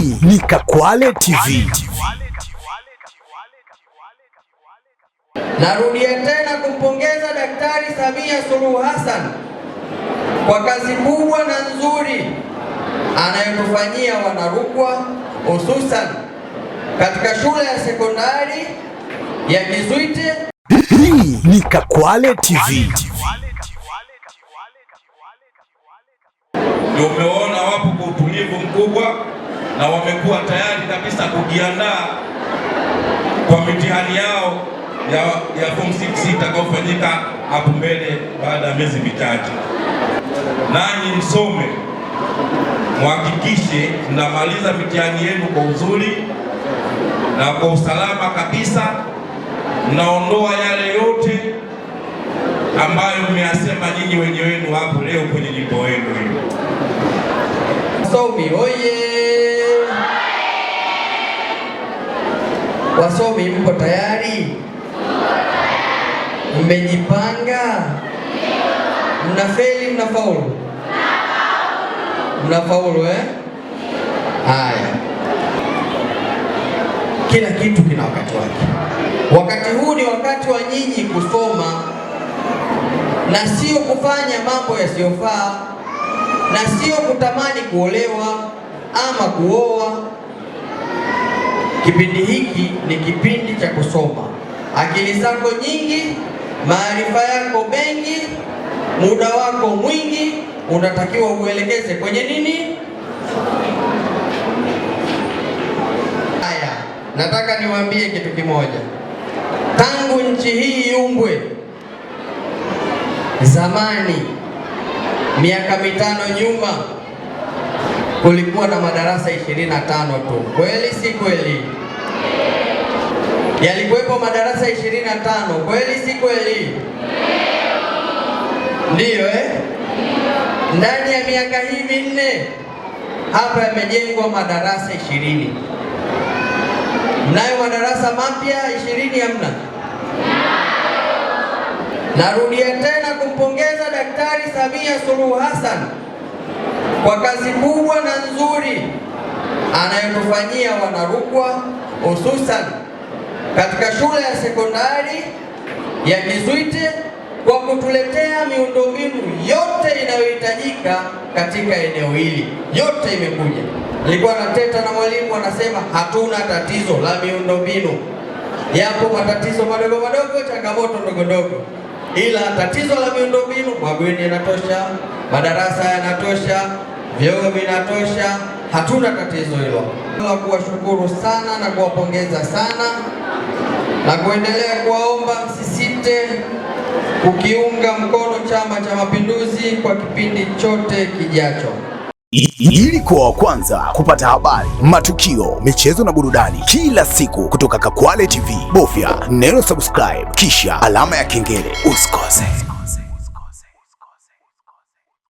Hii ni Kakwale TV. Narudia tena kumpongeza Daktari Samia Suluhu Hassan kwa kazi kubwa na nzuri anayotufanyia Wanarukwa, hususan katika shule ya sekondari ya Kizwite. Hii ni Kakwale TV. Ndio umeona wapo kwa utulivu mkubwa na wamekuwa tayari kabisa kujiandaa kwa mitihani yao ya, ya form 6 itakayofanyika hapo mbele baada ya miezi mitatu. Nanyi msome, muhakikishe mnamaliza mitihani yenu kwa uzuri na kwa usalama kabisa, mnaondoa yale yote ambayo mmeyasema nyinyi wenyewe Wasomi oye! Wasomi mko tayari? Mmejipanga? mna faulu? Mna faulu eh? Haya, kila kitu kina wakati wake. Wakati huu ni wakati wa nyinyi kusoma na sio kufanya mambo yasiyofaa na sio kutamani kuolewa ama kuoa. Kipindi hiki ni kipindi cha kusoma akili zako nyingi, maarifa yako mengi, muda wako mwingi, unatakiwa uelekeze kwenye nini? Haya, nataka niwaambie kitu kimoja. Tangu nchi hii yumbwe zamani Miaka mitano nyuma kulikuwa na madarasa 25 tu, kweli si kweli? Yalikuwepo madarasa 25, kweli si kweli? Ndiyo eh? Ndani ya miaka hii minne hapa yamejengwa madarasa 20. Mnayo madarasa mapya 20 hamna? Narudia tena Samia Suluhu Hassan kwa kazi kubwa na nzuri anayotufanyia Wanarukwa, hususan katika shule ya sekondari ya Kizwite kwa kutuletea miundombinu yote inayohitajika katika eneo hili, yote imekuja. Nilikuwa nateta na mwalimu anasema hatuna tatizo la miundombinu, yapo matatizo madogo madogo, changamoto ndogo ndogo ila tatizo la miundombinu, mabweni yanatosha, madarasa yanatosha, vyoo vinatosha, hatuna tatizo hilo. La kuwashukuru sana na kuwapongeza sana na kuendelea kuwaomba msisite kukiunga mkono Chama cha Mapinduzi kwa kipindi chote kijacho. Ili kuwa wa kwanza kupata habari, matukio, michezo na burudani kila siku kutoka Kakwale TV, bofya neno subscribe kisha alama ya kengele usikose.